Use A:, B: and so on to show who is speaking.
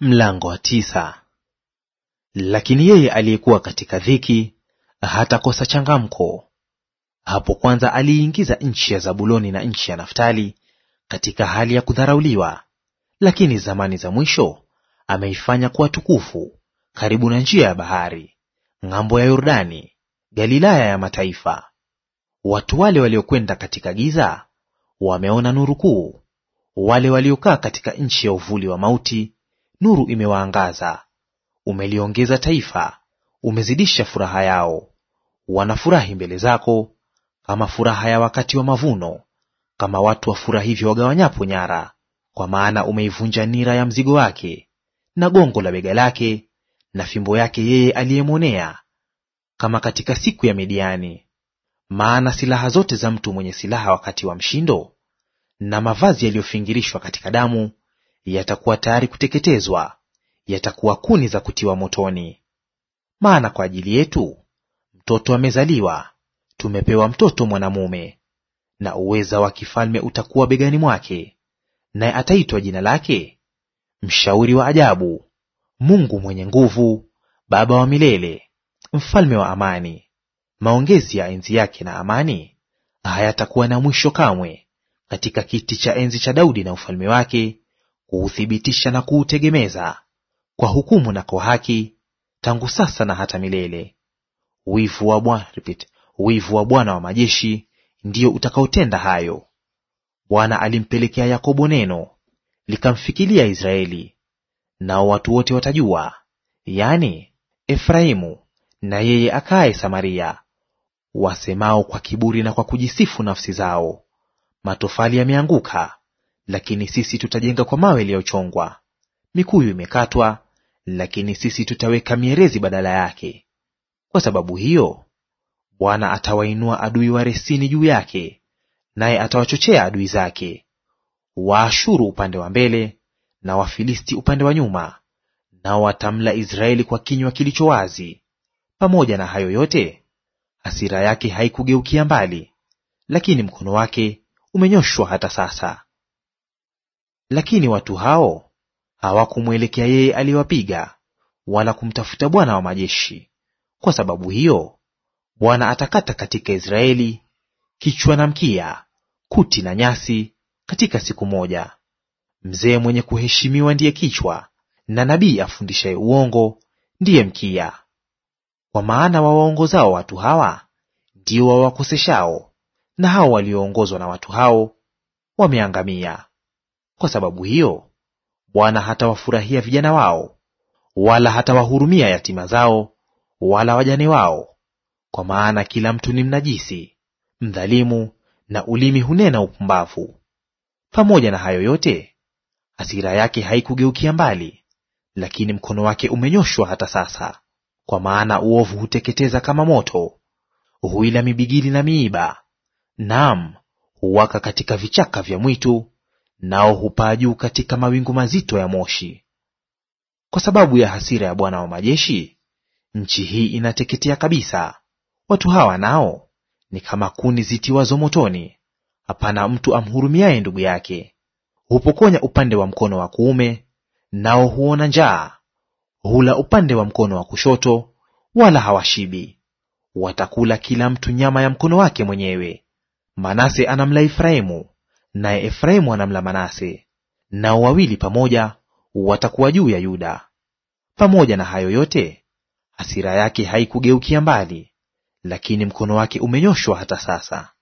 A: Mlango wa tisa. Lakini yeye aliyekuwa katika dhiki hatakosa changamko. Hapo kwanza aliingiza nchi ya Zabuloni na nchi ya Naftali katika hali ya kudharauliwa, lakini zamani za mwisho ameifanya kuwa tukufu, karibu na njia ya bahari, ng'ambo ya Yordani, Galilaya ya mataifa. Watu wale waliokwenda katika giza wameona nuru kuu, wale waliokaa katika nchi ya uvuli wa mauti nuru imewaangaza. Umeliongeza taifa, umezidisha furaha yao. Wanafurahi mbele zako kama furaha ya wakati wa mavuno, kama watu wafurahivyo wagawanyapo nyara. Kwa maana umeivunja nira ya mzigo wake, na gongo la bega lake, na fimbo yake yeye aliyemwonea, kama katika siku ya Midiani. Maana silaha zote za mtu mwenye silaha wakati wa mshindo, na mavazi yaliyofingirishwa katika damu yatakuwa tayari kuteketezwa, yatakuwa kuni za kutiwa motoni. Maana kwa ajili yetu mtoto amezaliwa, tumepewa mtoto mwanamume, na uweza wa kifalme utakuwa begani mwake, naye ataitwa jina lake Mshauri wa Ajabu, Mungu Mwenye Nguvu, Baba wa Milele, Mfalme wa Amani. Maongezi ya enzi yake na amani hayatakuwa na mwisho kamwe katika kiti cha enzi cha Daudi na ufalme wake kuuthibitisha na kuutegemeza kwa hukumu na kwa haki, tangu sasa na hata milele. Wivu wa Bwana, repeat, wivu wa Bwana wa majeshi ndiyo utakaotenda hayo. Bwana alimpelekea Yakobo neno likamfikilia Israeli, nao watu wote watajua, yani Efraimu na yeye akaye Samaria, wasemao kwa kiburi na kwa kujisifu nafsi zao, matofali yameanguka, lakini sisi tutajenga kwa mawe yaliyochongwa; mikuyu imekatwa, lakini sisi tutaweka mierezi badala yake. Kwa sababu hiyo Bwana atawainua adui wa Resini juu yake, naye atawachochea adui zake, Waashuru upande wa mbele na Wafilisti upande wa nyuma, nao watamla Israeli kwa kinywa kilicho wazi. Pamoja na hayo yote, hasira yake haikugeukia mbali, lakini mkono wake umenyoshwa hata sasa. Lakini watu hao hawakumwelekea yeye aliyewapiga, wala kumtafuta Bwana wa majeshi. Kwa sababu hiyo Bwana atakata katika Israeli kichwa na mkia, kuti na nyasi, katika siku moja. Mzee mwenye kuheshimiwa ndiye kichwa, na nabii afundishaye uongo ndiye mkia. Kwa maana wawaongozao watu hawa ndio wawakoseshao, na hao walioongozwa na watu hao wameangamia. Kwa sababu hiyo Bwana hatawafurahia vijana wao, wala hatawahurumia yatima zao, wala wajane wao. Kwa maana kila mtu ni mnajisi, mdhalimu, na ulimi hunena upumbavu. Pamoja na hayo yote, hasira yake haikugeukia mbali, lakini mkono wake umenyoshwa hata sasa. Kwa maana uovu huteketeza kama moto, huila mibigili na miiba, naam, huwaka katika vichaka vya mwitu nao hupaa juu katika mawingu mazito ya moshi. Kwa sababu ya hasira ya Bwana wa majeshi, nchi hii inateketea kabisa. Watu hawa nao ni kama kuni zitiwazo motoni, hapana mtu amhurumiaye ndugu yake. Hupokonya upande wa mkono wa kuume, nao huona njaa; hula upande wa mkono wa kushoto, wala hawashibi. Watakula kila mtu nyama ya mkono wake mwenyewe. Manase anamla Efraimu naye Efraimu anamla Manase, nao wawili pamoja watakuwa juu ya Yuda. Pamoja na hayo yote, hasira yake haikugeukia mbali, lakini mkono wake umenyoshwa hata sasa.